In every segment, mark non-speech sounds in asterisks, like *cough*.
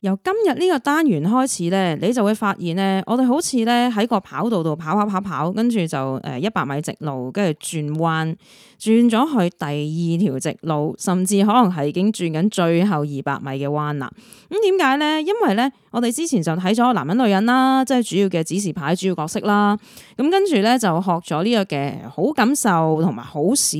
由今日呢個單元開始咧，你就會發現咧，我哋好似咧喺個跑道度跑跑、跑跑、跑跑，跟住就誒一百米直路，跟住轉彎，轉咗去第二條直路，甚至可能係已經轉緊最後二百米嘅彎啦。咁點解咧？因為咧，我哋之前就睇咗男人女人啦，即係主要嘅指示牌，主要角色啦。咁跟住咧就學咗呢個嘅好感受同埋好事。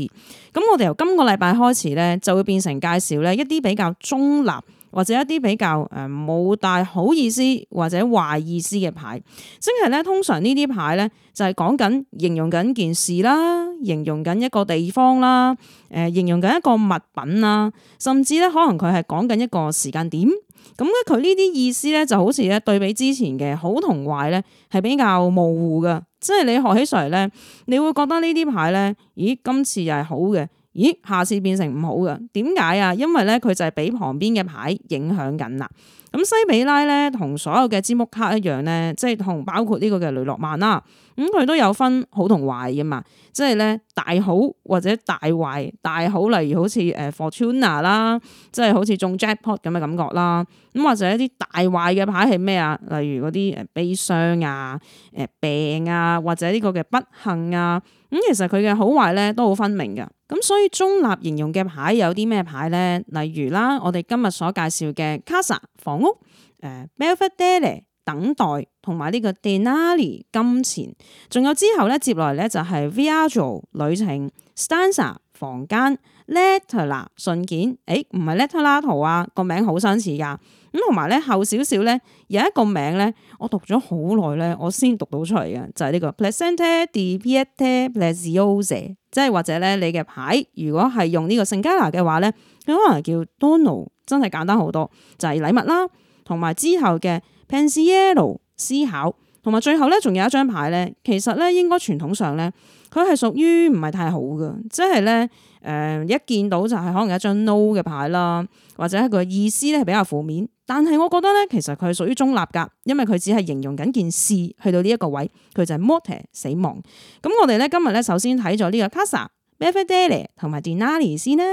咁我哋由今個禮拜開始咧，就會變成介紹咧一啲比較中立，或者一啲比較誒冇大好意思或者壞意思嘅牌，即係咧通常呢啲牌咧就係講緊形容緊件事啦，形容緊一個地方啦，誒、呃、形容緊一個物品啦，甚至咧可能佢係講緊一個時間點。咁咧佢呢啲意思咧就好似咧對比之前嘅好同壞咧係比較模糊㗎，即係你學起上嚟咧，你會覺得呢啲牌咧，咦，今次又係好嘅。咦，下次變成唔好㗎，點解啊？因為咧，佢就係俾旁邊嘅牌影響緊啦。咁西比拉咧，同所有嘅占卜卡一樣咧，即係同包括呢個嘅雷諾曼啦，咁佢都有分好同壞㗎嘛。即係咧，大好或者大壞，大好例如好似誒 Fortuna 啦，即係好似中 Jackpot 咁嘅感覺啦。咁或者一啲大壞嘅牌係咩啊？例如嗰啲誒悲傷啊、誒病啊，或者呢個嘅不幸啊。咁其實佢嘅好壞咧都好分明㗎。咁所以中立形容嘅牌有啲咩牌咧？例如啦，我哋今日所介紹嘅卡莎防。屋，誒 m e l 等待同埋呢個 denari 金錢，仲有之後咧，接落嚟咧就係 viaggio 旅程，Stanza 房間，Letter 啦，信件，誒唔係 Letter 啦，欸、la，圖啊個名好相似噶，咁同埋咧後少少咧有一個名咧，我讀咗好耐咧，我先讀到出嚟嘅就係、是、呢、這個 Placentia Placenta Placozo。Pl 即係或者咧，你嘅牌如果係用呢個聖加拿嘅話咧，佢可能叫 Dono，真係簡單好多，就係、是、禮物啦，同埋之後嘅 pensiero 思考，同埋最後咧仲有一張牌咧，其實咧應該傳統上咧，佢係屬於唔係太好嘅，即係咧誒一見到就係可能有一張 No 嘅牌啦，或者佢個意思咧係比較負面。但係我覺得咧，其實佢係屬於中立噶，因為佢只係形容緊件事去到呢一個位，佢就係 morte 死亡。咁我哋咧今日咧首先睇咗呢個 casa, everyday 同埋 Denari 先咧。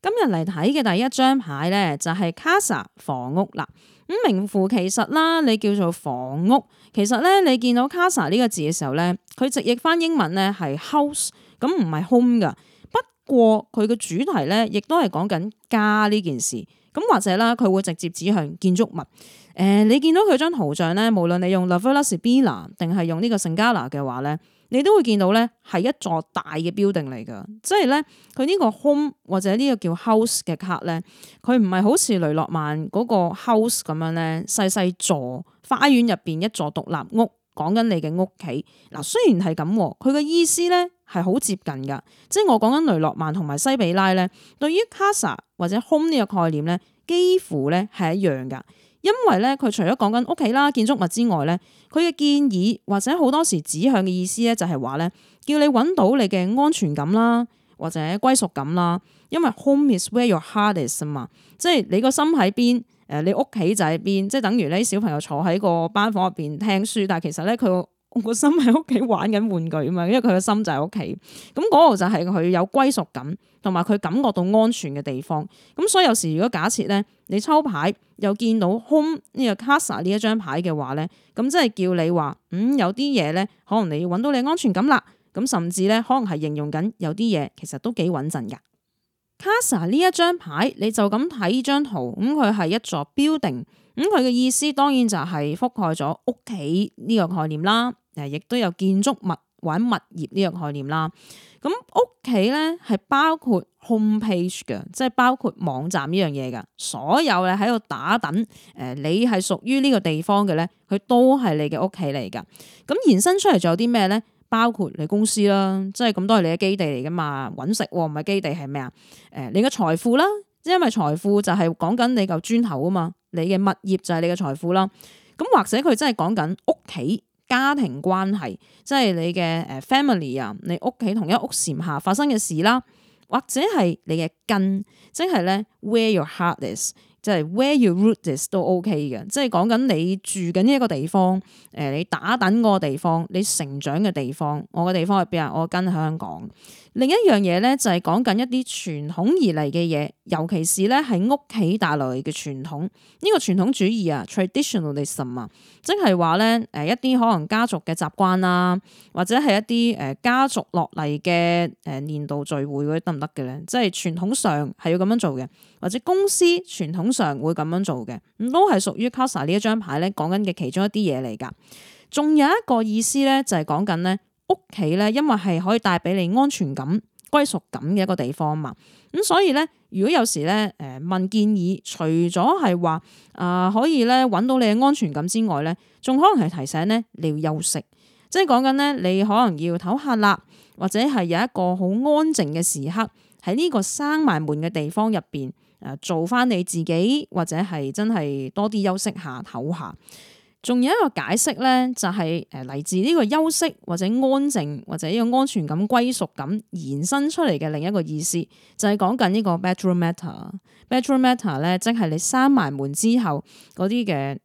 今日嚟睇嘅第一張牌咧就係 casa 房屋嗱，咁名副其實啦。你叫做房屋，其實咧你見到 casa 呢個字嘅時候咧，佢直譯翻英文咧係 house，咁唔係 home 噶。不過佢嘅主題咧亦都係講緊家呢件事。咁或者啦，佢會直接指向建築物。誒、呃，你見到佢張圖像咧，無論你用 Lovelace B a 定係用呢個 Sengala 嘅話咧，你都會見到咧係一座大嘅 building 嚟噶。即係咧，佢呢個 home 或者呢個叫 house 嘅 card 咧，佢唔係好似雷諾曼嗰個 house 咁樣咧細細座花園入邊一座獨立屋，講緊你嘅屋企。嗱，雖然係咁，佢嘅意思咧。係好接近噶，即係我講緊雷諾曼同埋西比拉咧，對於 casa 或者 home 呢個概念咧，幾乎咧係一樣噶。因為咧佢除咗講緊屋企啦、建築物之外咧，佢嘅建議或者好多時指向嘅意思咧，就係話咧，叫你揾到你嘅安全感啦，或者歸屬感啦。因為 home is where your heart is 啊嘛，即係你個心喺邊，誒你屋企就喺邊。即係等於咧，小朋友坐喺個班房入邊聽書，但係其實咧佢。我個心喺屋企玩緊玩具啊嘛，因為佢個心就喺屋企。咁嗰度就係佢有歸屬感，同埋佢感覺到安全嘅地方。咁所以有時如果假設咧，你抽牌又見到 home 呢個 casa 呢一張牌嘅話咧，咁即係叫你話，嗯，有啲嘢咧，可能你要揾到你安全感啦。咁甚至咧，可能係形容緊有啲嘢其實都幾穩陣㗎。casa 呢一張牌你就咁睇依張圖，咁佢係一座 building，咁佢嘅意思當然就係覆蓋咗屋企呢個概念啦。誒，亦都有建築物或物業呢樣概念啦。咁屋企咧係包括 homepage 嘅，即係包括網站呢樣嘢噶。所有咧喺度打等，誒、呃，你係屬於呢個地方嘅咧，佢都係你嘅屋企嚟噶。咁、呃、延伸出嚟仲有啲咩咧？包括你公司啦，即係咁都係你嘅基地嚟噶嘛。搵食唔、啊、係基地係咩啊？誒、呃，你嘅財富啦，因為財富就係講緊你嚿磚頭啊嘛。你嘅物業就係你嘅財富啦。咁、呃、或者佢真係講緊屋企。家庭關係，即係你嘅誒 family 啊，你屋企同一屋檐下發生嘅事啦，或者係你嘅根，即係咧 where your heart is。即係 where your roots 都 OK 嘅，即係講緊你住緊呢一個地方，誒你打緊個地方，你成長嘅地方，我嘅地方係邊啊？我跟香港。另一樣嘢咧就係講緊一啲傳統而嚟嘅嘢，尤其是咧喺屋企帶來嘅傳統。呢個傳統主義啊，traditionalism 啊，trad ism, 即係話咧誒一啲可能家族嘅習慣啊，或者係一啲誒家族落嚟嘅誒年度聚會嗰啲得唔得嘅咧？即係傳統上係要咁樣做嘅。或者公司傳統上會咁樣做嘅，咁都係屬於 Casa 呢一張牌咧講緊嘅其中一啲嘢嚟㗎。仲有一個意思咧，就係講緊咧屋企咧，因為係可以帶俾你安全感、歸屬感嘅一個地方啊嘛。咁、嗯、所以咧，如果有時咧誒、呃、問建議，除咗係話啊可以咧搵到你嘅安全感之外咧，仲可能係提醒咧你要休息，即係講緊咧你可能要唞下啦，或者係有一個好安靜嘅時刻喺呢個閂埋門嘅地方入邊。做翻你自己，或者係真係多啲休息下、唞下。仲有一個解釋咧，就係誒，嚟自呢個休息或者安靜或者呢個安全感、歸屬感延伸出嚟嘅另一個意思，就係講緊呢個 bedroom matter。bedroom matter 咧，即係你閂埋門之後嗰啲嘅誒，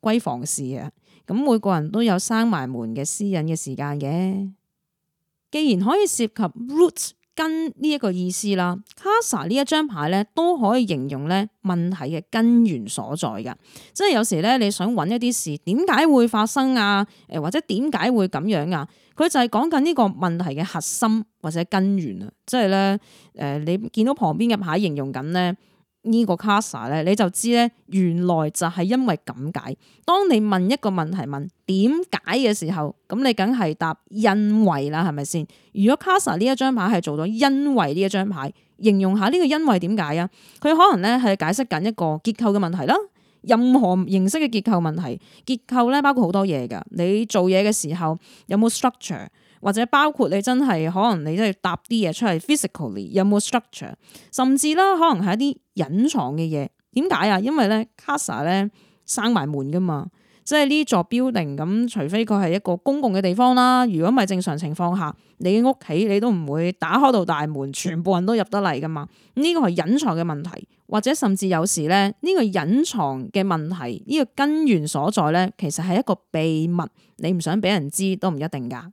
閨、呃、房事啊。咁每個人都有閂埋門嘅私隱嘅時間嘅。既然可以涉及 roots。跟呢一個意思啦，卡莎呢一張牌咧都可以形容咧問題嘅根源所在㗎，即係有時咧你想揾一啲事點解會發生啊，誒或者點解會咁樣啊，佢就係講緊呢個問題嘅核心或者根源啊，即係咧誒你見到旁邊嘅牌形容緊咧。呢個 Casa 咧，你就知咧，原來就係因為咁解。當你問一個問題問點解嘅時候，咁你梗係答因為啦，係咪先？如果 Casa 呢一張牌係做到因為呢一張牌，形容下呢個因為點解啊？佢可能咧係解釋緊一個結構嘅問題啦。任何形式嘅結構問題，結構咧包括好多嘢噶。你做嘢嘅時候有冇 structure？或者包括你真係可能你都要搭啲嘢出嚟，physically 有冇 structure，甚至啦，可能係一啲隱藏嘅嘢。點解啊？因為咧，Casa 咧閂埋門噶嘛，即係呢座 building 咁，除非佢係一個公共嘅地方啦。如果唔係正常情況下，你嘅屋企你都唔會打開到大門，全部人都入得嚟噶嘛。呢個係隱藏嘅問題，或者甚至有時咧，呢個隱藏嘅問題，呢個根源所在咧，其實係一個秘密，你唔想俾人知都唔一定噶。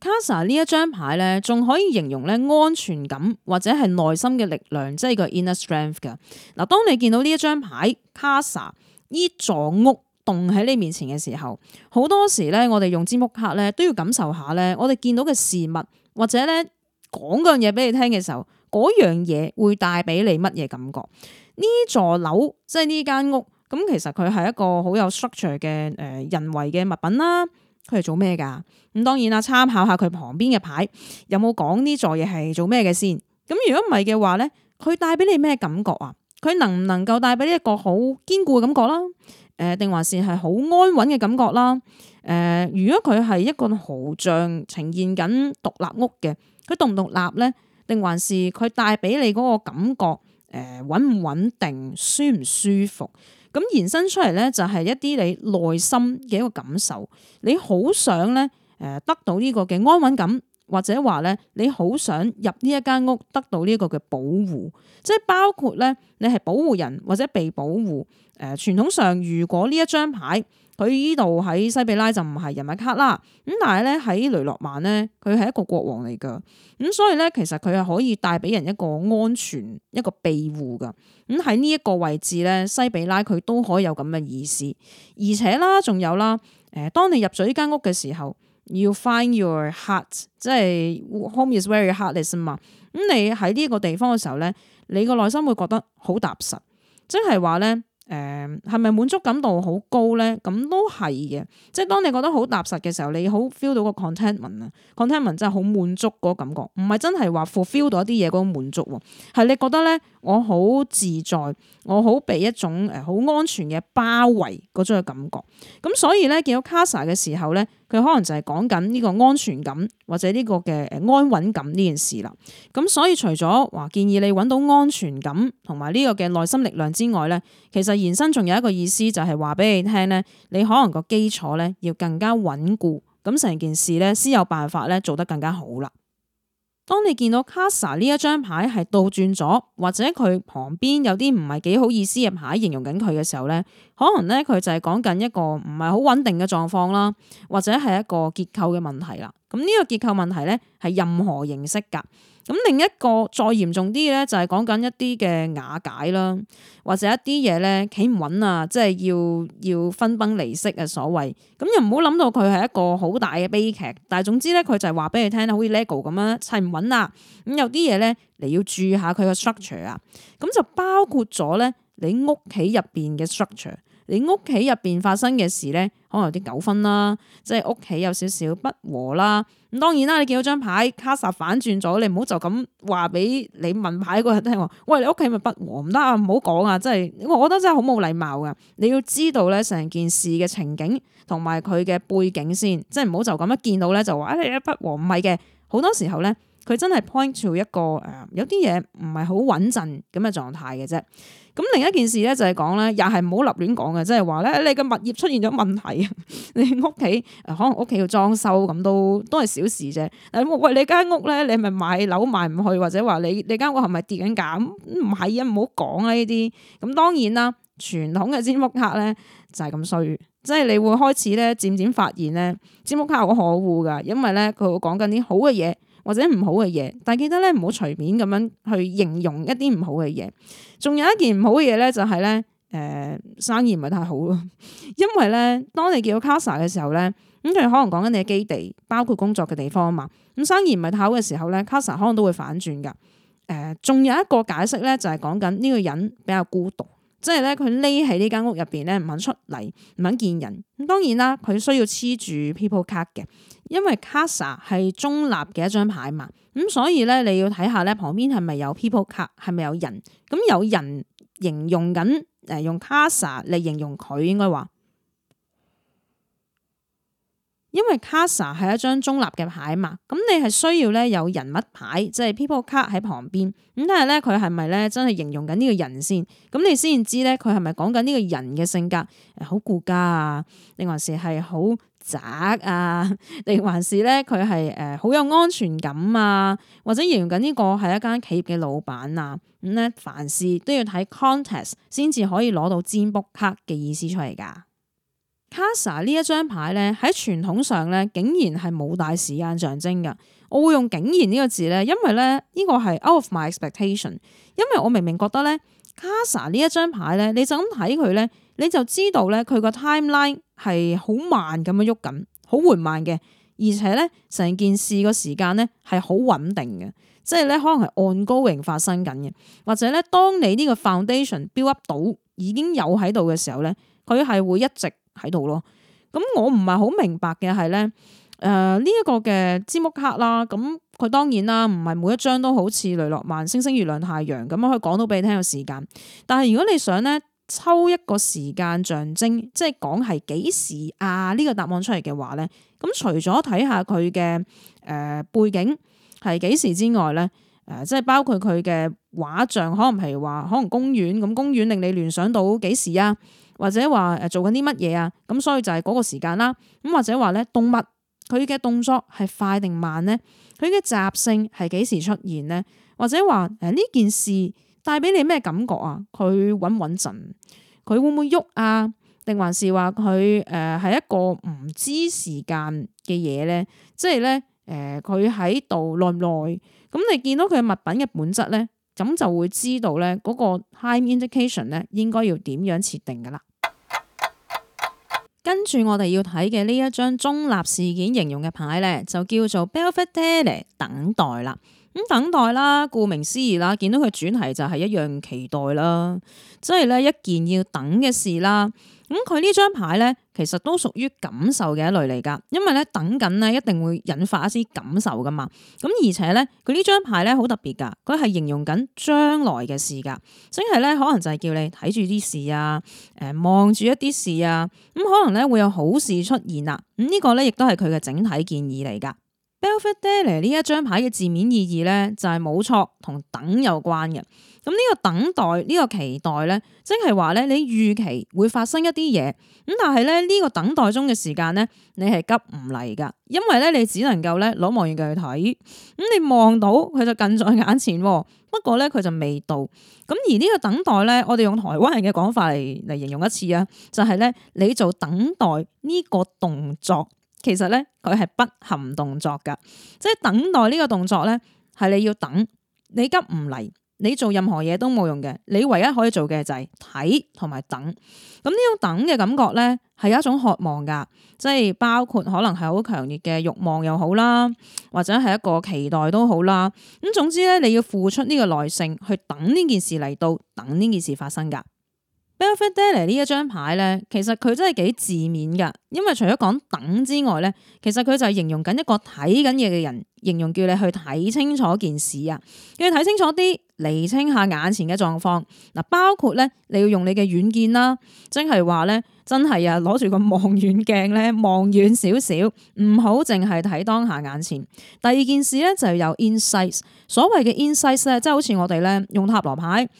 卡莎呢一張牌咧，仲可以形容咧安全感或者係內心嘅力量，即係個 inner strength 噶。嗱，當你見到呢一張牌卡莎呢座屋棟喺你面前嘅時候，好多時咧我哋用占卜卡咧都要感受下咧，我哋見到嘅事物或者咧講嗰樣嘢俾你聽嘅時候，嗰樣嘢會帶俾你乜嘢感覺？呢座樓即係呢間屋，咁其實佢係一個好有 structure 嘅誒、呃、人為嘅物品啦。佢係做咩噶？咁當然啦，參考下佢旁邊嘅牌，有冇講呢座嘢係做咩嘅先？咁如果唔係嘅話咧，佢帶俾你咩感覺啊？佢能唔能夠帶俾你一個好堅固嘅感覺啦？誒，定還是係好安穩嘅感覺啦？誒，如果佢係一、呃呃、一個豪像呈現緊獨立屋嘅，佢獨唔獨立咧？定還是佢帶俾你嗰個感覺？誒、呃，穩唔穩定？舒唔舒服？咁延伸出嚟咧，就係一啲你內心嘅一個感受，你好想咧，誒，得到呢個嘅安穩感，或者話咧，你好想入呢一間屋得到呢個嘅保護，即係包括咧，你係保護人或者被保護。誒，傳統上如果呢一張牌。佢依度喺西比拉就唔係人物卡啦，咁但係咧喺雷諾曼咧，佢係一個國王嚟噶，咁所以咧其實佢係可以帶俾人一個安全、一個庇護噶。咁喺呢一個位置咧，西比拉佢都可以有咁嘅意思，而且啦，仲有啦，誒、呃，當你入咗呢間屋嘅時候，要 you find your heart，即係 home is very heartless 嘛。咁、嗯、你喺呢個地方嘅時候咧，你個內心會覺得好踏實，即係話咧。誒係咪滿足感度好高咧？咁都係嘅，即係當你覺得好踏實嘅時候，你好 feel 到個 contentment 啊，contentment 真係好滿足嗰感覺，唔係真係話 fulfill 到一啲嘢嗰種滿足喎，係你覺得咧，我好自在，我好被一種誒好安全嘅包圍嗰種嘅感覺，咁所以咧見到卡莎嘅時候咧。佢可能就係講緊呢個安全感或者呢個嘅誒安穩感呢件事啦。咁所以除咗話建議你揾到安全感同埋呢個嘅內心力量之外咧，其實延伸仲有一個意思就係話俾你聽咧，你可能個基礎咧要更加穩固，咁成件事咧先有辦法咧做得更加好啦。當你見到卡莎呢一張牌係倒轉咗，或者佢旁邊有啲唔係幾好意思嘅牌形容緊佢嘅時候咧，可能咧佢就係講緊一個唔係好穩定嘅狀況啦，或者係一個結構嘅問題啦。咁、這、呢個結構問題咧係任何形式㗎。咁另一個再嚴重啲嘅咧，就係講緊一啲嘅瓦解啦，或者一啲嘢咧企唔穩啊，即係要要分崩離析嘅所謂。咁又唔好諗到佢係一個好大嘅悲劇。但係總之咧，佢就係話俾你聽啦，好似 lego 咁樣砌唔穩啊。咁有啲嘢咧你要注意下佢個 structure 啊。咁就包括咗咧，你屋企入邊嘅 structure，你屋企入邊發生嘅事咧，可能有啲糾紛啦，即係屋企有少少不和啦。咁當然啦，你見到張牌卡煞反轉咗，你唔好就咁話俾你問牌嗰人聽喎。喂，你屋企咪不和唔得啊！唔好講啊，真係我覺得真係好冇禮貌㗎。你要知道咧，成件事嘅情景同埋佢嘅背景先，即係唔好就咁一見到咧就話啊，哎，你一不和唔係嘅。好多時候咧，佢真係 point to 一個誒，有啲嘢唔係好穩陣咁嘅狀態嘅啫。咁另一件事咧就係講咧，又係唔好立亂講嘅，即係話咧，你嘅物業出現咗問題， *laughs* 你屋企可能屋企要裝修咁都都係小事啫。喂，你間屋咧，你咪買樓買唔去，或者話你你間屋係咪跌緊價？唔係啊，唔好講啊呢啲。咁當然啦，傳統嘅簽屋客咧就係咁衰，即係你會開始咧漸漸發現咧，簽屋客好可惡㗎，因為咧佢會講緊啲好嘅嘢。或者唔好嘅嘢，但係記得咧，唔好隨便咁樣去形容一啲唔好嘅嘢。仲有一件唔好嘅嘢咧，就係咧，誒，生意唔係太好咯。因為咧，當你見到 Casa 嘅時候咧，咁佢可能講緊你嘅基地，包括工作嘅地方啊嘛。咁生意唔係太好嘅時候咧，Casa 可能都會反轉噶。誒、呃，仲有一個解釋咧，就係講緊呢個人比較孤獨。即係咧，佢匿喺呢間屋入邊咧，唔肯出嚟，唔肯見人。咁當然啦，佢需要黐住 people card 嘅，因為 Casa 係中立嘅一張牌嘛。咁所以咧，你要睇下咧，旁邊係咪有 people card，係咪有人？咁有人形容緊誒，用 Casa 嚟形容佢，應該話。因為 Casa 係一張中立嘅牌嘛，咁你係需要咧有人物牌，即係 people card 喺旁邊。咁但係咧，佢係咪咧真係形容緊呢個人先？咁你先至知咧佢係咪講緊呢個人嘅性格，好顧家啊，定還是係好宅啊？定還是咧佢係誒好有安全感啊？或者形容緊呢個係一間企業嘅老闆啊？咁咧凡事都要睇 context 先至可以攞到占卜卡嘅意思出嚟噶。卡莎，呢一張牌咧，喺傳統上咧竟然係冇帶時間象徵嘅，我會用竟然呢個字咧，因為咧呢個係 out of my expectation，因為我明明覺得咧卡莎呢一張牌咧，你就咁睇佢咧，你就知道咧佢個 timeline 係好慢咁樣喐緊，好緩慢嘅，而且咧成件事個時間咧係好穩定嘅，即係咧可能係 ongoing 發生緊嘅，或者咧當你呢個 foundation build up 到已經有喺度嘅時候咧，佢係會一直。睇到咯，咁我唔係好明白嘅係咧，誒呢一個嘅節目卡啦，咁佢當然啦，唔係每一張都好似雷諾曼、星星、月亮、太陽咁可以講到俾你聽個時間，但係如果你想咧抽一個時間象徵，即係講係幾時啊？呢個答案出嚟嘅話咧，咁除咗睇下佢嘅誒背景係幾時之外咧，誒、呃、即係包括佢嘅畫像，可能譬如話可能公園咁公園令你聯想到幾時啊？或者話誒做緊啲乜嘢啊？咁所以就係嗰個時間啦。咁或者話咧動物佢嘅動作係快定慢咧？佢嘅習性係幾時出現咧？或者話誒呢件事帶俾你咩感覺啊？佢穩唔穩陣？佢會唔會喐啊？定還是話佢誒係一個唔知時間嘅嘢咧？即係咧誒佢喺度耐唔耐？咁、呃呃、你見到佢物品嘅本質咧，咁就會知道咧嗰個 time indication 咧應該要點樣設定㗎喇。跟住我哋要睇嘅呢一張中立事件形容嘅牌咧，就叫做 Belfast l y 等待啦。咁等待啦，顧名思義啦，見到佢轉題就係一樣期待啦，即係咧一件要等嘅事啦。咁佢呢張牌咧，其實都屬於感受嘅一類嚟噶，因為咧等緊咧一定會引發一啲感受噶嘛。咁而且咧，佢呢張牌咧好特別噶，佢係形容緊將來嘅事噶，即係咧可能就係叫你睇住啲事啊，誒望住一啲事啊，咁、嗯、可能咧會有好事出現啦。咁、嗯這個、呢個咧亦都係佢嘅整體建議嚟噶。Belfast Daily 呢一張牌嘅字面意義咧就係冇錯同等有關嘅。咁呢個等待呢個期待咧，即係話咧，你預期會發生一啲嘢咁，但係咧呢個等待中嘅時間咧，你係急唔嚟噶，因為咧你只能夠咧攞望遠鏡去睇咁，你望到佢就近在眼前喎。不過咧佢就未到咁，而呢個等待咧，我哋用台灣人嘅講法嚟嚟形容一次啊，就係咧你做等待呢個動作，其實咧佢係不含動作噶，即係等待呢個動作咧，係你要等你急唔嚟。你做任何嘢都冇用嘅，你唯一可以做嘅就係睇同埋等。咁呢種等嘅感覺咧，係一種渴望㗎，即係包括可能係好強烈嘅慾望又好啦，或者係一個期待都好啦。咁總之咧，你要付出呢個耐性去等呢件事嚟到，等呢件事發生㗎。Benefit Daily 呢一張牌咧，其實佢真係幾字面㗎，因為除咗講等之外咧，其實佢就係形容緊一個睇緊嘢嘅人，形容叫你去睇清楚件事啊，叫你睇清楚啲。厘清下眼前嘅狀況，嗱，包括咧，你要用你嘅遠見啦，即係話咧，真係啊，攞住個望遠鏡咧，望遠少少，唔好淨係睇當下眼前。第二件事咧，就有 insight，所謂嘅 insight 咧，即係好似我哋咧用塔羅牌誒睇、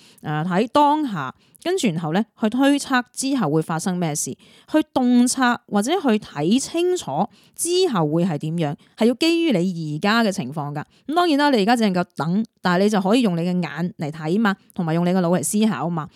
呃、當下，跟住然後咧去推測之後會發生咩事，去洞察或者去睇清楚之後會係點樣，係要基於你而家嘅情況噶。咁當然啦，你而家只能夠等。但係你就可以用你嘅眼嚟睇嘛，同埋用你嘅腦嚟思考嘛。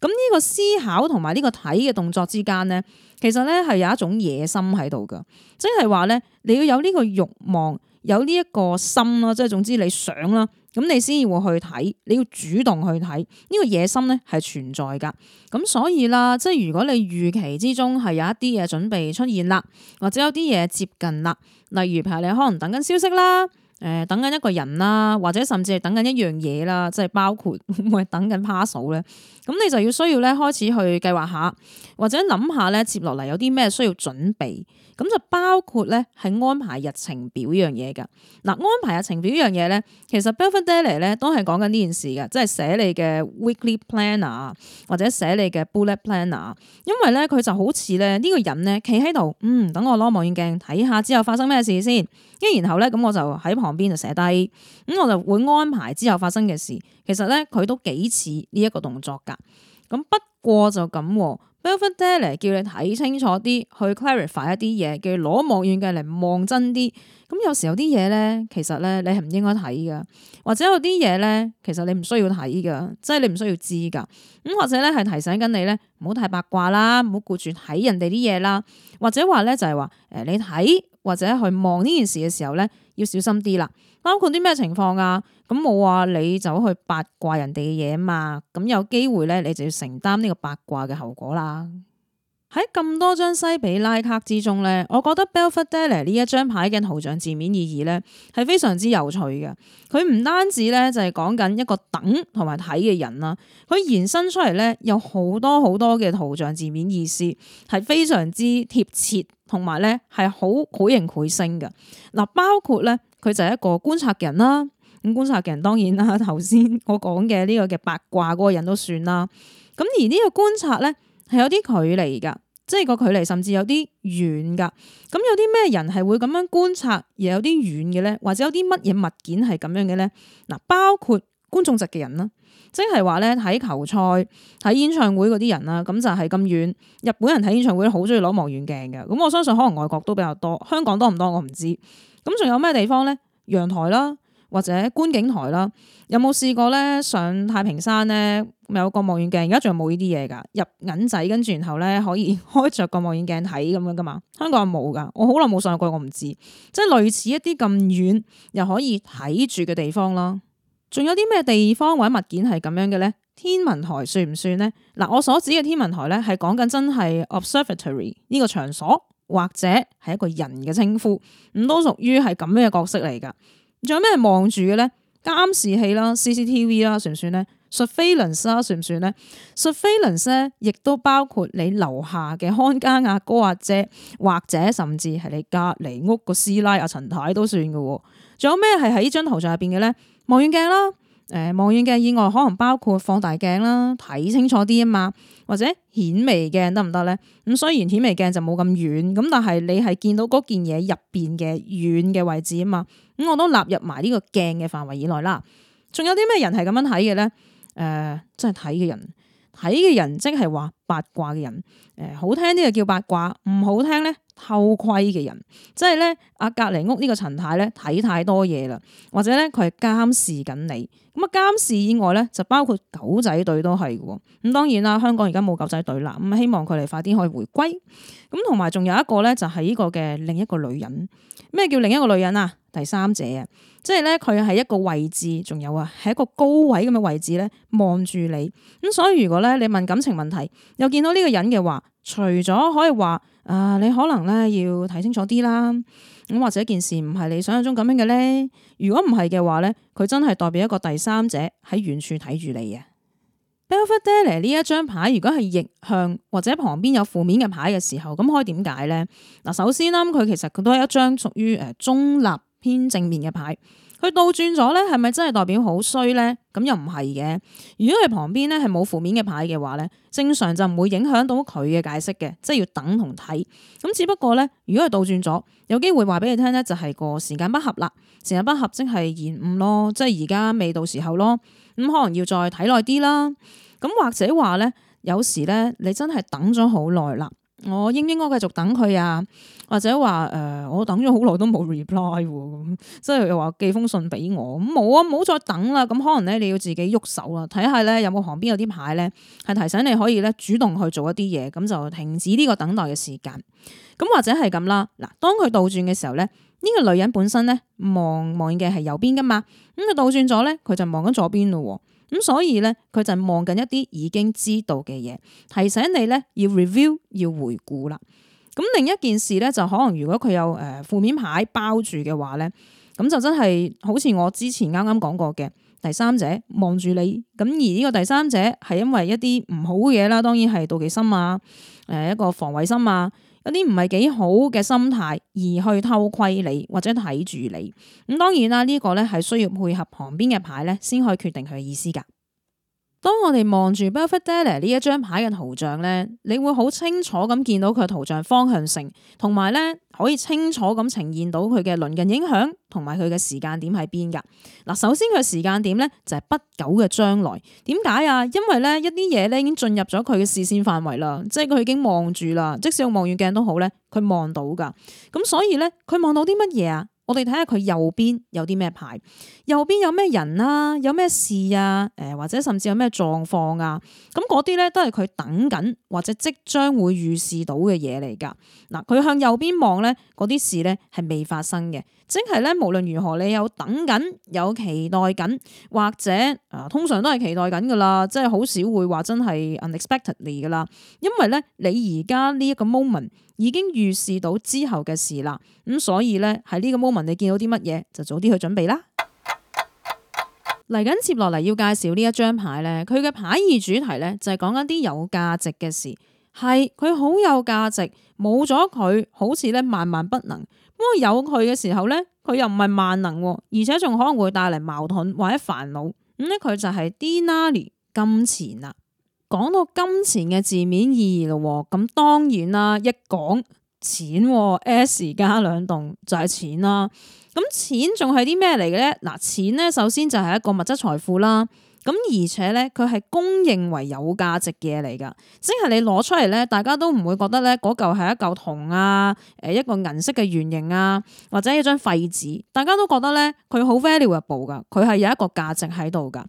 咁呢個思考同埋呢個睇嘅動作之間咧，其實咧係有一種野心喺度噶，即係話咧，你要有呢個慾望，有呢一個心咯，即係總之你想啦，咁你先會去睇，你要主動去睇。呢個野心咧係存在噶，咁所以啦，即係如果你預期之中係有一啲嘢準備出現啦，或者有啲嘢接近啦，例如係你可能等緊消息啦。誒、呃、等緊一個人啦，或者甚至係等緊一樣嘢啦，即係包括我係 *laughs* 等緊 parcel 咧。咁你就要需要咧，開始去計劃下，或者諗下咧，接落嚟有啲咩需要準備。咁就包括咧，係安排日程表呢樣嘢噶。嗱，安排日程表呢樣嘢咧，其實 Belvedere 咧都係講緊呢件事噶，即係寫你嘅 weekly planner 或者寫你嘅 bullet planner。因為咧，佢就好似咧呢個人咧企喺度，嗯，等我攞望遠鏡睇下之後發生咩事先，跟然後咧咁我就喺旁邊就寫低，咁我就會安排之後發生嘅事。其實咧佢都幾似呢一個動作噶。咁不過就咁喎，Beverly 叫你睇清楚啲，去 clarify 一啲嘢，叫攞望遠鏡嚟望真啲。咁有時候有啲嘢咧，其實咧你係唔應該睇噶，或者有啲嘢咧，其實你唔需要睇噶，即係你唔需要知噶。咁或者咧係提醒緊你咧，唔好太八卦啦，唔好顧住睇人哋啲嘢啦，或者話咧就係話，誒你睇或者去望呢件事嘅時候咧，要小心啲啦。包括啲咩情況啊？咁冇話你走去八卦人哋嘅嘢嘛？咁有機會咧，你就要承擔呢個八卦嘅後果啦。喺咁多張西比拉卡之中咧，我覺得 Belvedere 呢一張牌嘅圖像字面意義咧，係非常之有趣嘅。佢唔單止咧就係講緊一個等同埋睇嘅人啦，佢延伸出嚟咧有好多好多嘅圖像字面意思，係非常之貼切，同埋咧係好繪形繪聲嘅。嗱，包括咧佢就係一個觀察人啦。咁觀察嘅人當然啦，頭先我講嘅呢個嘅八卦嗰個人都算啦。咁而呢個觀察咧係有啲距離噶，即係個距離甚至有啲遠噶。咁有啲咩人係會咁樣觀察，而有啲遠嘅咧，或者有啲乜嘢物件係咁樣嘅咧？嗱，包括觀眾席嘅人啦，即係話咧睇球賽、睇演唱會嗰啲人啦，咁就係咁遠。日本人睇演唱會好中意攞望遠鏡嘅，咁我相信可能外國都比較多，香港多唔多我唔知。咁仲有咩地方咧？陽台啦。或者觀景台啦，有冇試過咧上太平山咧有個望遠鏡？而家仲有冇呢啲嘢噶入銀仔，跟住然後咧可以開着個望遠鏡睇咁樣噶嘛？香港冇噶，我好耐冇上過，我唔知。即係類似一啲咁遠又可以睇住嘅地方咯。仲有啲咩地方或者物件係咁樣嘅咧？天文台算唔算咧？嗱，我所指嘅天文台咧係講緊真係 observatory 呢個場所，或者係一個人嘅稱呼，唔多屬於係咁樣嘅角色嚟噶。仲有咩望住嘅咧？監視器啦、CCTV 啦，算唔算咧？Surveillance 啦，算唔算咧？Surveillance 咧，Sur 亦都包括你樓下嘅看家阿、啊、哥阿、啊、姐，或者甚至係你隔籬屋個師奶阿陳太都算嘅。仲有咩係喺呢張圖上入邊嘅咧？望遠鏡啦。誒，望遠鏡以外，可能包括放大鏡啦，睇清楚啲啊嘛，或者顯微鏡得唔得咧？咁雖然顯微鏡就冇咁遠，咁但係你係見到嗰件嘢入邊嘅遠嘅位置啊嘛，咁我都納入埋呢個鏡嘅範圍以內啦。仲有啲咩人係咁樣睇嘅咧？誒、呃，真係睇嘅人。睇嘅人即係話八卦嘅人，誒、呃，好聽啲就叫八卦，唔好聽咧，偷窺嘅人，即係咧，阿隔籬屋呢個陳太咧，睇太多嘢啦，或者咧佢係監視緊你，咁啊，監視以外咧就包括狗仔隊都係嘅，咁當然啦，香港而家冇狗仔隊啦，咁希望佢哋快啲可以回歸，咁同埋仲有一個咧就係呢個嘅另一個女人，咩叫另一個女人啊？第三者啊！即係咧，佢係一個位置，仲有啊，係一個高位咁嘅位置咧，望住你。咁所以如果咧，你問感情問題，又見到呢個人嘅話，除咗可以話啊、呃，你可能咧要睇清楚啲啦。咁或者一件事唔係你想象中咁樣嘅咧。如果唔係嘅話咧，佢真係代表一個第三者喺遠處睇住你嘅。Belvedere 呢一張牌，如果係逆向或者旁邊有負面嘅牌嘅時候，咁可以點解咧？嗱，首先啦，佢其實佢都係一張屬於誒中立。偏正面嘅牌，佢倒轉咗咧，係咪真係代表好衰咧？咁又唔係嘅。如果佢旁邊咧係冇負面嘅牌嘅話咧，正常就唔會影響到佢嘅解釋嘅，即係要等同睇。咁只不過咧，如果佢倒轉咗，有機會話俾你聽咧，就係個時間不合啦，時間不合即係延誤咯，即係而家未到時候咯。咁可能要再睇耐啲啦。咁或者話咧，有時咧你真係等咗好耐啦。我應唔應該繼續等佢啊？或者話誒、呃，我等咗好耐都冇 reply 喎，咁即係又話寄封信俾我，咁冇啊，冇再等啦。咁可能咧，你要自己喐手啦，睇下咧有冇旁邊有啲牌咧，係提醒你可以咧主動去做一啲嘢，咁就停止呢個等待嘅時間。咁或者係咁啦。嗱，當佢倒轉嘅時候咧。呢個女人本身咧望望嘅係右邊㗎嘛，咁佢倒轉咗咧，佢就望緊左邊咯喎，咁所以咧佢就望緊一啲已經知道嘅嘢，提醒你咧要 review 要回顧啦。咁、嗯、另一件事咧就可能如果佢有誒、呃、負面牌包住嘅話咧，咁就真係好似我之前啱啱講過嘅第三者望住你，咁而呢個第三者係因為一啲唔好嘅嘢啦，當然係妒忌心啊，誒、呃、一個防衞心啊。有啲唔係幾好嘅心態而去偷窺你或者睇住你，咁當然啦，呢個咧係需要配合旁邊嘅牌咧，先可以決定佢嘅意思噶。當我哋望住 Buffett Della 呢一張牌嘅圖像咧，你會好清楚咁見到佢嘅圖像方向性，同埋咧可以清楚咁呈現到佢嘅鄰近影響，同埋佢嘅時間點喺邊噶。嗱，首先佢嘅時間點咧就係不久嘅將來。點解啊？因為咧一啲嘢咧已經進入咗佢嘅視線範圍啦，即係佢已經望住啦，即使用望遠鏡都好咧，佢望到噶。咁所以咧，佢望到啲乜嘢啊？我哋睇下佢右邊有啲咩牌。右邊有咩人啦，啊？有咩事啊？誒、呃，或者甚至有咩狀況啊？咁嗰啲咧都係佢等緊或者即將會預視到嘅嘢嚟噶。嗱，呃，佢向右邊望咧，嗰啲事咧係未發生嘅，即係咧無論如何你有等緊有期待緊或者啊，通常都係期待緊噶啦，即係好少會話真係 unexpectedly 噶啦，因為咧你而家呢一個 moment 已經預視到之後嘅事啦，咁，嗯，所以咧喺呢個 moment 你見到啲乜嘢就早啲去準備啦。嚟緊接落嚟要介紹呢一張牌咧，佢嘅牌意主題咧就係講緊啲有價值嘅事，係佢好有價值，冇咗佢好似咧萬萬不能。不過有佢嘅時候咧，佢又唔係萬能，而且仲可能會帶嚟矛盾或者煩惱。咁咧佢就係 Denari 金錢啦。講到金錢嘅字面意義咯，咁當然啦，一講錢 S 加兩棟就係錢啦。咁錢仲係啲咩嚟嘅咧？嗱，錢咧首先就係一個物質財富啦。咁而且咧，佢係公認為有價值嘅嘢嚟噶。即係你攞出嚟咧，大家都唔會覺得咧嗰嚿係一嚿銅啊，誒一個銀色嘅圓形啊，或者一張廢紙，大家都覺得咧佢好 valuable 噶，佢係有一個價值喺度噶。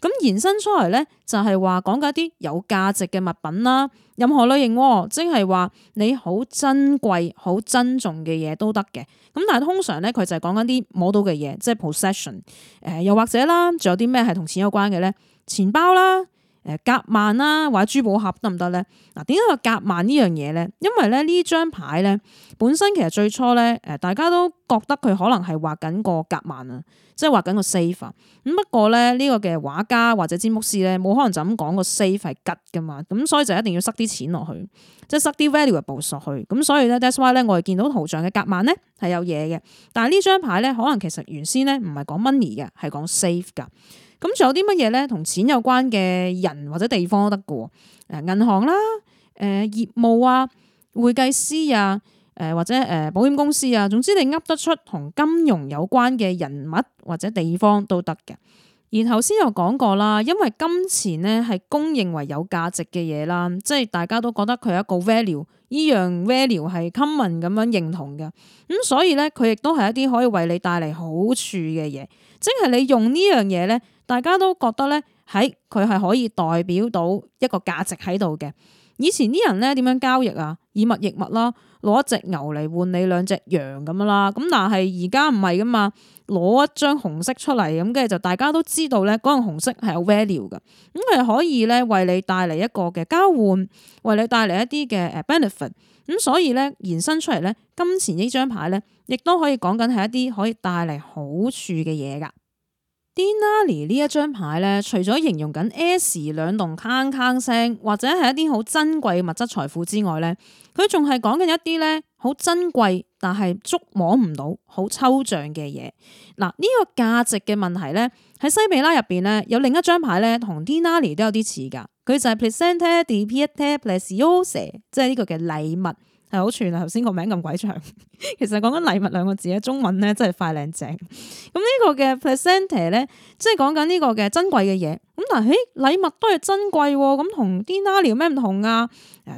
咁延伸出嚟咧，就係話講緊一啲有價值嘅物品啦。任何類型喎，即係話你好珍貴、好珍重嘅嘢都得嘅。咁但係通常咧，佢就係講緊啲摸到嘅嘢，即係 possession，呃，誒，又或者啦，仲有啲咩係同錢有關嘅咧？錢包啦。誒夾萬啦，或者珠寶盒得唔得咧？嗱，點解話夾萬呢樣嘢咧？因為咧，呢張牌咧，本身其實最初咧，誒大家都覺得佢可能係畫緊個夾萬啊，即係畫緊個 safe 咁。不過咧，呢個嘅畫家或者詹姆斯咧，冇可能就咁講個 safe 係吉噶嘛，咁所以就一定要塞啲錢落去，即係塞啲 value 嘅補索去。咁所以咧，that's why 咧我哋見到圖像嘅夾萬咧係有嘢嘅，但係呢張牌咧可能其實原先咧唔係講 money 嘅，係講 save 噶。咁仲有啲乜嘢咧？同錢有關嘅人或者地方都得嘅，啊，誒銀行啦，誒、呃、業務啊，會計師啊，誒、呃、或者誒、呃、保險公司啊，總之你噏得出同金融有關嘅人物或者地方都得嘅。而頭先又講過啦，因為金錢咧係公認為有價值嘅嘢啦，即係大家都覺得佢係一個 value，依樣 value 係 common 咁樣認同嘅。咁、嗯、所以咧，佢亦都係一啲可以為你帶嚟好處嘅嘢，即係你用呢樣嘢咧。大家都覺得咧，喺佢係可以代表到一個價值喺度嘅。以前啲人咧點樣交易啊？以物易物咯，攞一隻牛嚟換你兩隻羊咁啦。咁但係而家唔係噶嘛，攞一張紅色出嚟，咁跟住就大家都知道咧，嗰個紅色係有 value 嘅。咁佢係可以咧為你帶嚟一個嘅交換，為你帶嚟一啲嘅誒 benefit。咁所以咧延伸出嚟咧，金錢呢張牌咧，亦都可以講緊係一啲可以帶嚟好處嘅嘢噶。Dinari 呢一張牌咧，除咗形容緊 S 時兩棟坑坑聲，或者係一啲好珍貴嘅物質財富之外咧，佢仲係講緊一啲咧好珍貴但係捉摸唔到、好抽象嘅嘢。嗱，呢個價值嘅問題咧，喺西米拉入邊咧有另一張牌咧，同 Dinari 都有啲似噶。佢就係 Presente di pietra preziosa，即係呢個嘅禮物。係好串啊！頭先個名咁鬼長，其實講緊禮物兩個字咧，中文咧真係快靚正。咁、這、呢個嘅 present 咧，即係講緊呢個嘅珍貴嘅嘢。咁但係，禮物都係珍貴，咁同 diary 有咩唔同啊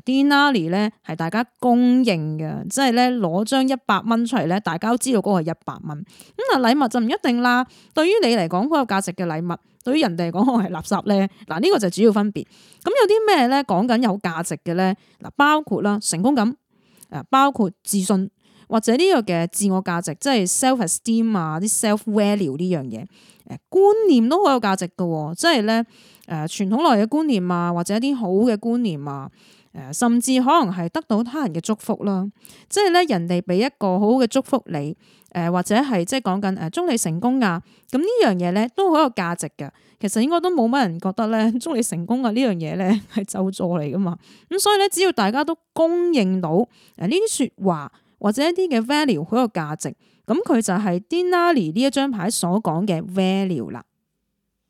？d i a r y 咧係大家公認嘅，即係咧攞張一百蚊出嚟咧，大家都知道嗰個係一百蚊。咁、嗯、啊，但係禮物就唔一定啦。對於你嚟講好有價值嘅禮物，對於人哋嚟講係垃圾咧。嗱，呢個就係主要分別。咁有啲咩咧講緊有價值嘅咧？嗱，包括啦，成功感。包括自信或者呢個嘅自我價值，即係 self esteem 啊，啲 self value 呢樣嘢，誒觀念都好有價值㗎喎，即係咧誒傳統內嘅觀念啊，或者一啲好嘅觀念啊，誒甚至可能係得到他人嘅祝福啦，即係咧人哋俾一個好好嘅祝福你，誒或者係即係講緊誒祝你成功啊，咁呢樣嘢咧都好有價值嘅。其實應該都冇乜人覺得咧，祝你成功嘅呢樣嘢咧係咒助嚟噶嘛。咁所以咧，只要大家都公認到誒呢啲説話或者一啲嘅 value 好有價值，咁佢就係 Denari 呢一張牌所講嘅 value 啦。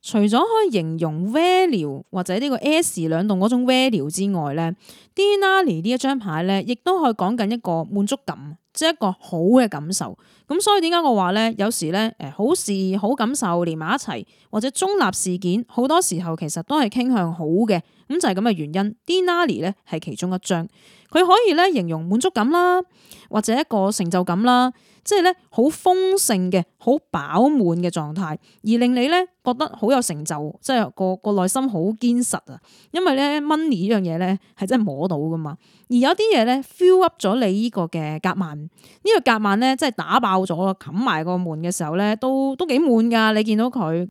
除咗可以形容 value 或者呢個 S 兩棟嗰種 value 之外咧，Denari 呢一張牌咧亦都可以講緊一個滿足感。即係一個好嘅感受，咁所以點解我話咧？有時咧，誒，好事好感受連埋一齊，或者中立事件，好多時候其實都係傾向好嘅，咁就係咁嘅原因。Denari 咧係其中一張，佢可以咧形容滿足感啦，或者一個成就感啦，即係咧好豐盛嘅、好飽滿嘅狀態，而令你咧覺得好有成就，即係個個內心好堅實啊！因為咧 money 呢樣嘢咧係真係摸到噶嘛。而有啲嘢咧 fill up 咗你個格，這個、格呢個嘅夾萬，呢個夾萬咧即係打爆咗，冚埋個門嘅時候咧都都幾滿㗎。你見到佢，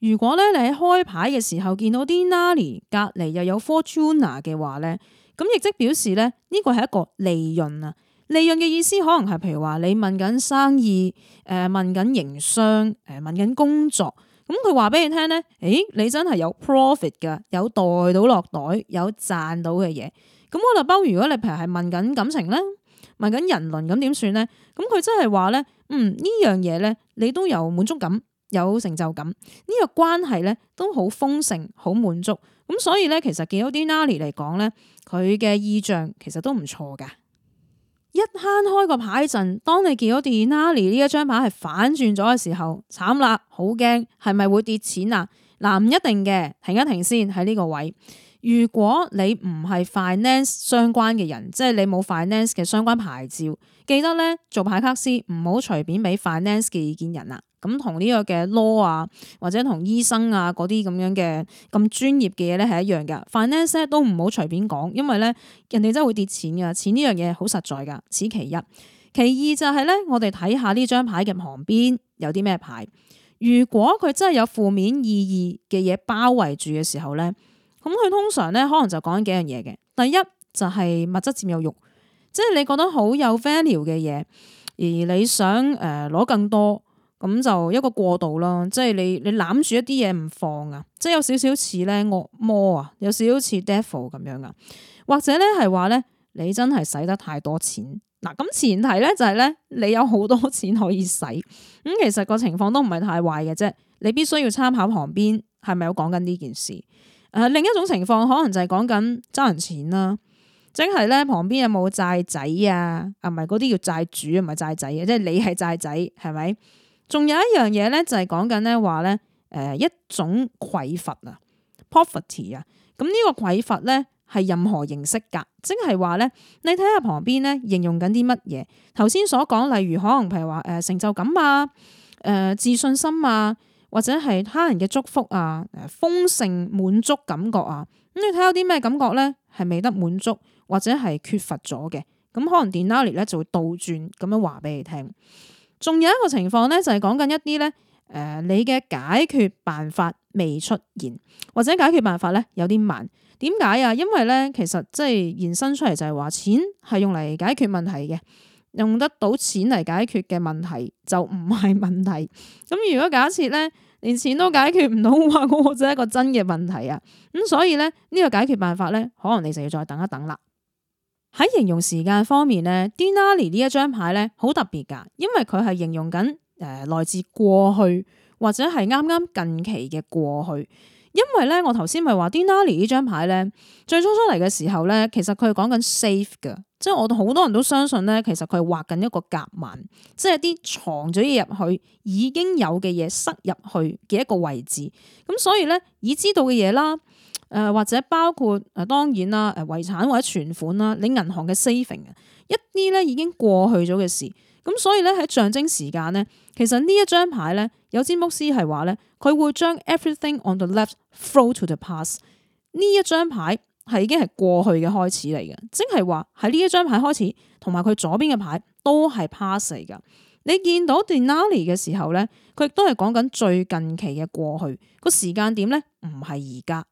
如果咧你喺開牌嘅時候見到啲 nani 隔籬又有 Fortuna 嘅話咧，咁亦即表示咧呢、這個係一個利潤啊！利潤嘅意思可能係譬如話你問緊生意，誒、呃、問緊營商，誒、呃、問緊工作，咁佢話俾你聽咧，誒你真係有 profit 㗎，有袋到落袋，有賺到嘅嘢。咁我就包，如果你平日係問緊感情咧，問緊人倫咁點算咧？咁佢真係話咧，嗯，呢樣嘢咧，你都有滿足感，有成就感，呢個關係咧都好豐盛，好滿足。咁所以咧，其實見到啲 Nani 嚟講咧，佢嘅意象其實都唔錯噶。 *music* 一攤開個牌陣，當你見到啲 Nani 呢一張牌係反轉咗嘅時候，慘啦，好驚，係咪會跌錢啊？嗱，唔一定嘅，停一停先喺呢個位。如果你唔係 finance 相關嘅人，即係你冇 finance 嘅相關牌照，記得咧，做牌卡司唔好隨便俾 finance 嘅意見人啦。咁同呢個嘅 law 啊，或者同醫生啊嗰啲咁樣嘅咁專業嘅嘢咧係一樣嘅。finance 都唔好隨便講，因為咧人哋真係會跌錢噶。錢呢樣嘢好實在噶，此其一。其二就係咧，我哋睇下呢張牌嘅旁邊有啲咩牌。如果佢真係有負面意義嘅嘢包圍住嘅時候咧。咁佢通常咧，可能就講緊幾樣嘢嘅。第一就係、是、物質占有欲，即係你覺得好有 value 嘅嘢，而你想誒攞、呃、更多咁就一個過度咯。即係你你攬住一啲嘢唔放啊，即係有少少似咧惡魔啊，有少少似 devil 咁樣啊，或者咧係話咧你真係使得太多錢嗱。咁前提咧就係、是、咧你有好多錢可以使咁、嗯，其實個情況都唔係太壞嘅啫。你必須要參考旁邊係咪有講緊呢件事？誒，另一種情況可能就係講緊爭人錢啦，即係咧旁邊有冇債仔啊？啊，唔係嗰啲叫債主啊，唔係債仔啊，即係你係債仔係咪？仲有一樣嘢咧，就係講緊咧話咧，誒一種匱乏啊，poverty 啊，咁、這、呢個匱乏咧係任何形式噶，即係話咧，你睇下旁邊咧形容緊啲乜嘢？頭先所講例如可能譬如話誒、呃、成就感啊，誒、呃、自信心啊。或者係他人嘅祝福啊，誒豐盛滿足感覺啊，咁你睇到啲咩感覺咧？係未得滿足，或者係缺乏咗嘅，咁可能電腦咧就會倒轉咁樣話俾你聽。仲有一個情況咧，就係講緊一啲咧，誒、呃、你嘅解決辦法未出現，或者解決辦法咧有啲慢。點解啊？因為咧，其實即係延伸出嚟就係話，錢係用嚟解決問題嘅。用得到錢嚟解決嘅問題就唔係問題，咁如果假設咧連錢都解決唔到嘅話，我就係一個真嘅問題啊！咁所以咧呢、這個解決辦法咧，可能你就要再等一等啦。喺形容時間方面咧，Dinari 呢一張牌咧好特別噶，因為佢係形容緊誒、呃、來自過去或者係啱啱近期嘅過去。因為咧我頭先咪話 Dinari 呢張牌咧最初出嚟嘅時候咧，其實佢係講緊 safe 噶。即係我好多人都相信咧，其實佢係畫緊一個夾萬，即係啲藏咗嘢入去、已經有嘅嘢塞入去嘅一個位置。咁所以咧，已知道嘅嘢啦，誒、呃、或者包括誒、呃、當然啦，誒遺產或者存款啦，你銀行嘅 saving，一啲咧已經過去咗嘅事。咁所以咧喺象徵時間咧，其實呢一張牌咧，有占卜師係話咧，佢會將 everything on the left flow to the past。呢一張牌。係已經係過去嘅開始嚟嘅，即係話喺呢一張牌開始，同埋佢左邊嘅牌都係 pass 嚟噶。你見到 Dionys 嘅時候咧，佢亦都係講緊最近期嘅過去個時間點咧，唔係而家。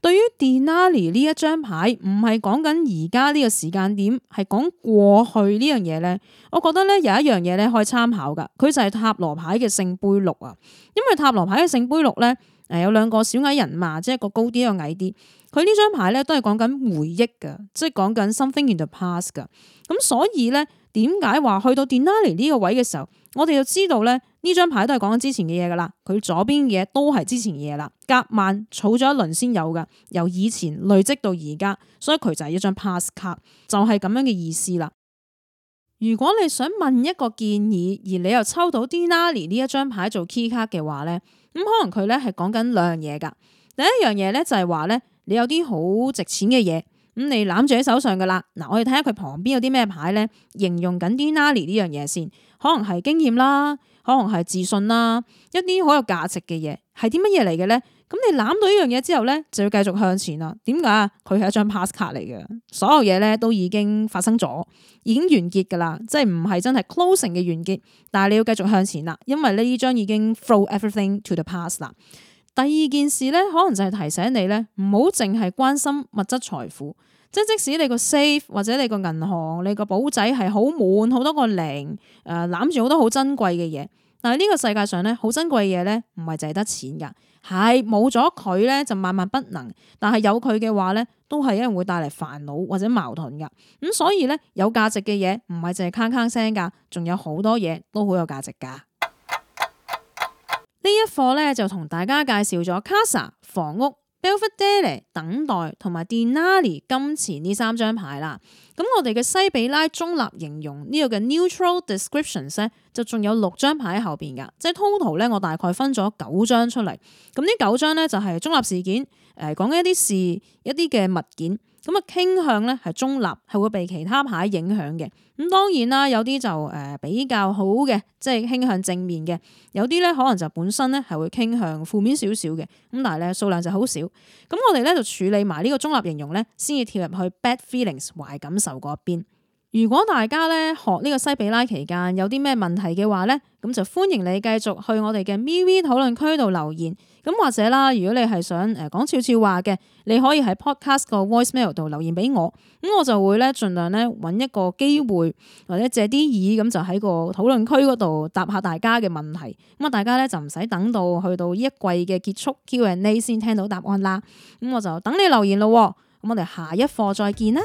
對於 Dionys 呢一張牌，唔係講緊而家呢個時間點，係講過去呢樣嘢咧。我覺得咧有一樣嘢咧可以參考噶，佢就係塔羅牌嘅聖杯六啊。因為塔羅牌嘅聖杯六咧，誒、呃、有兩個小矮人嘛，即係一個高啲一,一個矮啲。佢呢張牌咧都係講緊回憶嘅，即係講緊 something in the past 噶。咁、嗯、所以咧，點解話去到 Dinahly 呢個位嘅時候，我哋就知道咧呢張牌都係講緊之前嘅嘢噶啦。佢左邊嘅嘢都係之前嘅嘢啦，夾萬儲咗一輪先有嘅，由以前累積到而家，所以佢就係一張 past 卡，就係咁樣嘅意思啦。如果你想問一個建議，而你又抽到 Dinahly 呢一張牌做 key 卡嘅話咧，咁、嗯、可能佢咧係講緊兩樣嘢噶。第一樣嘢咧就係話咧。你有啲好值錢嘅嘢，咁你攬住喺手上噶啦。嗱，我哋睇下佢旁邊有啲咩牌咧，形容緊啲 n a r l y 呢樣嘢先。可能係經驗啦，可能係自信啦一，一啲好有價值嘅嘢，係啲乜嘢嚟嘅咧？咁你攬到呢樣嘢之後咧，就要繼續向前啦。點解啊？佢係一張 past 卡嚟嘅，所有嘢咧都已經發生咗，已經完結噶啦。即係唔係真係 closing 嘅完結，但係你要繼續向前啦，因為咧呢張已經 throw everything to the past 啦。第二件事咧，可能就係提醒你咧，唔好淨係關心物質財富，即係即使你個 safe 或者你個銀行、你個簿仔係好滿好多個零，誒攬住好多好珍貴嘅嘢，但係呢個世界上咧，好珍貴嘅嘢咧，唔係淨係得錢噶，係冇咗佢咧就萬萬不能，但係有佢嘅話咧，都係一樣會帶嚟煩惱或者矛盾噶，咁、嗯、所以咧有價值嘅嘢唔係淨係鏗鏗聲噶，仲有好多嘢都好有價值噶。呢一課咧就同大家介紹咗 Casa 房屋、Belvedere 等待同埋 Dinari 金錢呢三張牌啦。咁我哋嘅西比拉中立形容個呢個嘅 neutral descriptions 咧，就仲有六張牌喺後邊噶，即係 total 咧，我大概分咗九張出嚟。咁呢九張咧就係、是、中立事件，誒講緊一啲事，一啲嘅物件。咁啊，傾向咧係中立，係會被其他牌影響嘅。咁當然啦，有啲就誒、呃、比較好嘅，即係傾向正面嘅；有啲咧可能就本身咧係會傾向負面少少嘅。咁但係咧數量就好少。咁我哋咧就處理埋呢個中立形容咧，先至跳入去 bad feelings 壞感受嗰邊。如果大家咧學呢個西比拉期間有啲咩問題嘅話咧，咁就歡迎你繼續去我哋嘅咪咪討論區度留言。咁或者啦，如果你係想誒、呃、講悄悄話嘅，你可以喺 podcast 個 voicemail 度留言俾我，咁我就會咧盡量咧搵一個機會或者借啲耳咁就喺個討論區嗰度答下大家嘅問題。咁啊大家咧就唔使等到去到呢一季嘅結束 Q and A 先聽到答案啦。咁我就等你留言咯。咁我哋下一課再見啦。